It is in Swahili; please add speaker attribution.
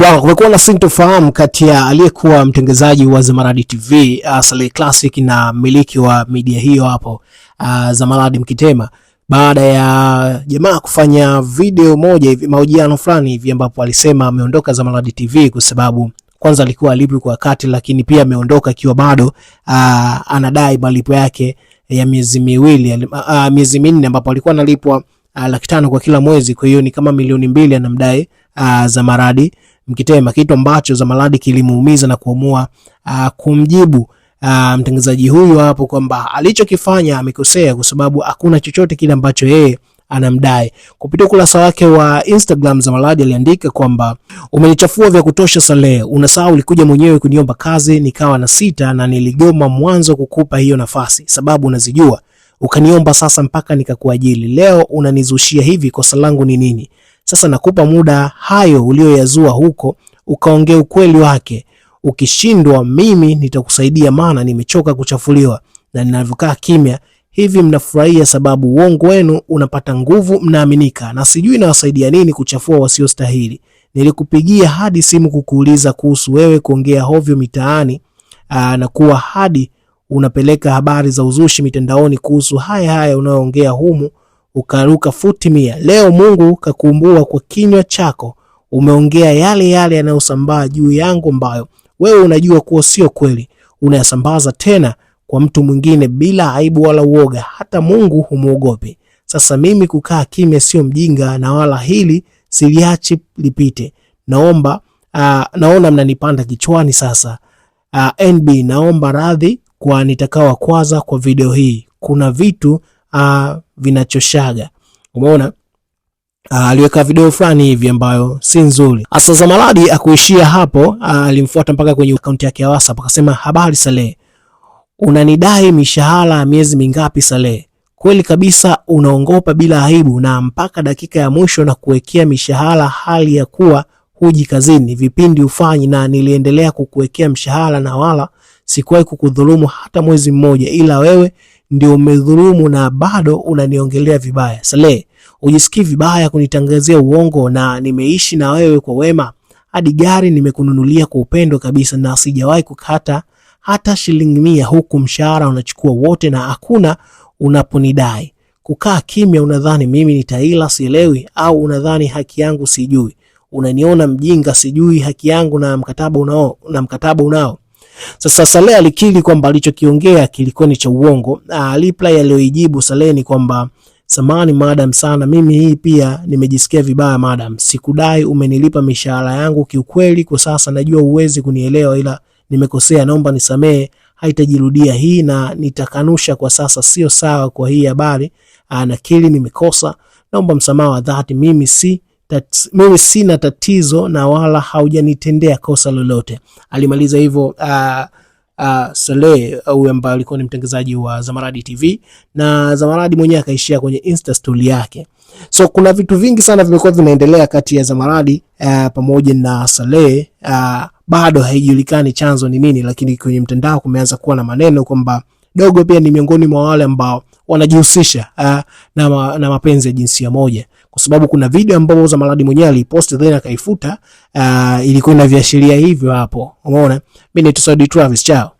Speaker 1: Bwana, kumekuwa na sintofahamu kati ya aliyekuwa mtengenezaji wa Zamaradi TV uh, Slay Classic na mmiliki wa media hiyo hapo uh, Zamaradi Mkitema baada ya jamaa kufanya video moja hivi mahojiano fulani hivi ambapo alisema ameondoka Zamaradi TV kwa sababu kwanza alikuwa alipwi kwa wakati, lakini pia ameondoka akiwa bado uh, anadai malipo yake ya miezi miwili uh, miezi minne ambapo alikuwa analipwa uh, laki tano kwa kila mwezi. Kwa hiyo ni kama milioni mbili anamdai uh, Zamaradi Mkitema, kitu ambacho Zamaladi kilimuumiza na kuamua uh, kumjibu uh, ah, mtangazaji huyu hapo kwamba alichokifanya amekosea, kwa sababu hakuna chochote kile ambacho yeye anamdai. Kupitia ukurasa wake wa Instagram, Zamaladi aliandika kwamba umenichafua vya kutosha Saleh, unasahau ulikuja mwenyewe kuniomba kazi nikawa na sita na niligoma mwanzo kukupa hiyo nafasi, sababu unazijua ukaniomba sasa mpaka nikakuajili. Leo unanizushia hivi, kosa langu ni nini? Sasa nakupa muda hayo uliyoyazua huko ukaongea ukweli wake. Ukishindwa mimi nitakusaidia, maana nimechoka kuchafuliwa na ninavyokaa kimya hivi mnafurahia, sababu uongo wenu unapata nguvu, mnaaminika, na sijui nawasaidia nini kuchafua wasiostahili. Nilikupigia hadi simu kukuuliza kuhusu wewe kuongea hovyo mitaani aa, na kuwa hadi unapeleka habari za uzushi mitandaoni kuhusu haya haya unayoongea humu ukaruka futi mia. Leo Mungu kakumbua kwa kinywa chako, umeongea yale yale yanayosambaa juu yangu, ambayo wewe unajua kuwa sio kweli, unayasambaza tena kwa mtu mwingine bila aibu wala uoga. Hata Mungu humuogopi. Sasa mimi kukaa kimya sio mjinga, na wala hili siliachi lipite. Naomba uh, naona mnanipanda kichwani sasa. Uh, ah, NB naomba radhi kwa kwaza kwa video hii. Kuna vitu uh, vinachoshaga. Umeona? Uh, aliweka video fulani hivi ambayo si nzuri. Asa Zamaradi akuishia hapo, ah, alimfuata uh, mpaka kwenye akaunti yake ya WhatsApp akasema, habari Saleh, unanidai mishahara ya miezi mingapi Saleh? Kweli kabisa unaongopa bila aibu na mpaka dakika ya mwisho na kuwekea mishahara hali ya kuwa huji kazini, vipindi ufanyi, na niliendelea kukuwekea mshahara na wala sikuwahi kukudhulumu hata mwezi mmoja, ila wewe ndio umedhulumu na bado unaniongelea vibaya. Salehe, ujisikii vibaya kunitangazia uongo, na nimeishi na wewe kwa wema hadi gari nimekununulia kwa upendo kabisa, na sijawahi kukata hata shilingi mia, huku mshahara unachukua wote na hakuna unaponidai. Kukaa kimya, unadhani mimi ni taila sielewi? Au unadhani haki yangu sijui? Unaniona mjinga sijui haki yangu na mkataba unao, na mkataba unao sasa Saleh alikiri kwamba alichokiongea kilikuwa ni cha uongo. Reply aliyoijibu Saleh ni kwamba samani madam sana, mimi hii pia nimejisikia vibaya madam, sikudai, umenilipa mishahara yangu. Kiukweli kwa sasa najua uwezi kunielewa, ila nimekosea, naomba nisamee, haitajirudia hii na nitakanusha kwa sasa, sio sawa. Kwa hii habari nakiri, nimekosa, naomba msamaha wa dhati, mimi si That's, mimi sina tatizo na wala haujanitendea kosa lolote. Alimaliza hivyo uh, uh, Saleh uh, huyu ambaye alikuwa ni mtengenezaji wa Zamaradi TV na Zamaradi mwenyewe akaishia kwenye Insta story yake. So kuna vitu vingi sana vimekuwa vinaendelea kati ya Zamaradi uh, pamoja na Saleh uh, bado haijulikani chanzo ni nini, lakini kwenye mtandao kumeanza kuwa na maneno kwamba Dogo pia ni miongoni mwa wale ambao wanajihusisha uh, na, ma, na mapenzi ya jinsia moja kwa sababu kuna video ambayo maradi mwenyewe alipost then akaifuta. Uh, ilikuwa inaviashiria hivyo hapo, umeona. Mimi ni Travis, chao.